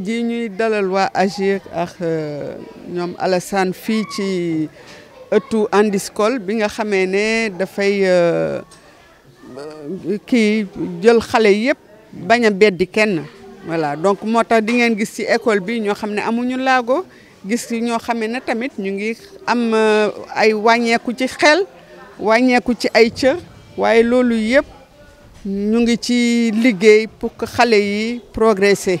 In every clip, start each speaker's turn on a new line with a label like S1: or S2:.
S1: tey ñuy dalal wa AGIR ak euh, ñom Alassane fi ci ëttu Andiscol bi nga né da fay euh, ki jël xalé yépp baña bédd kenn voilà donc motax di ngeen gis ci école bi ño xamné amuñu lago gis ño xamé na tamit ñu ngi am euh, ay wàññeeku ci xel wàññeeku ci ay cër waye lolu yépp ñu ngi ci liggéey pour que xalé yi progresser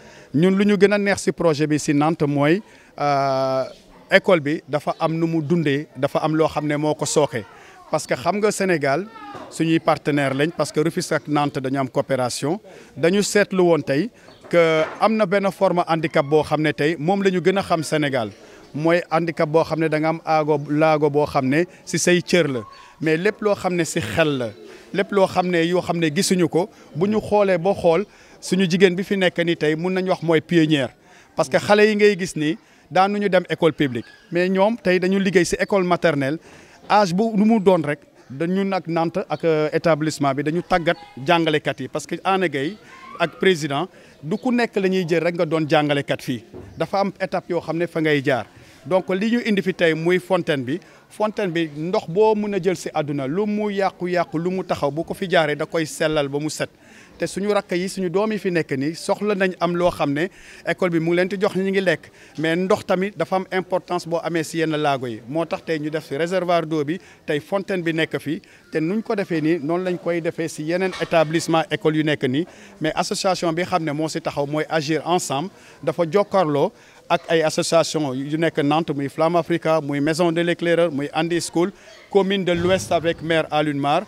S2: Nous lu ñu gën a neex ci projet bi ci Nantes euh école bi dafa am nu mu dundee dafa am lo xamné moko soxé parce que xam nga Sénégal suñuy partenaire lañ parce que Rufisque ak Nantes dañu am coopération dañu sétlu won tay que am na forme handicap bo xamné tay mom lañu gëna xam Sénégal moy handicap bo xamné ne da nga am ago lago bo xamné ne ci say cër la mais lepp lo xamné ne ci xel la lepp lo xamné yo xamné gisunu ko buñu xolé bo xol suñu jigen bi fi nek ni tay mën nañ wax moy pionnière parce que xalé yi ngay gis dem école publique mais ñom tay dañu liggéey ci école maternelle âge bu nu mu doon rek dañu nak nante ak euh, établissement bi dañu jangalé kat yi parce que Anna ak président du ku nek lañuy jël rek nga doon kat fi dafa am étape yo xamné fa ngay jaar donc li ñu indi fi tay muy fontaine bi fontaine bi ndox boo mun a jël si àdduna lu mu yàqu-yàqu lu mu taxaw bu ko fi jaaree da koy sellal ba mu set té suñu rakk yi suñu doom fi nek ni soxla nañ am lo xamné école bi mu ngi leen di jox ñu ngi lekk mais ndox tamit dafa am importance bo amé ci yenn lago yi moo tax ñu def ci réservoir d'eau bi tay fontaine bi nek fi té nuñ ko défé ni non lañ koy défé ci établissement école yu nek ni mais association bi xamné mo ci taxaw moy agir ensemble dafa jokorlo ak ay association yu nek Nantes muy Flamme Africa muy maison de l'éclaireur muy Andy School commune de l'Ouest avec maire Alunmar Mar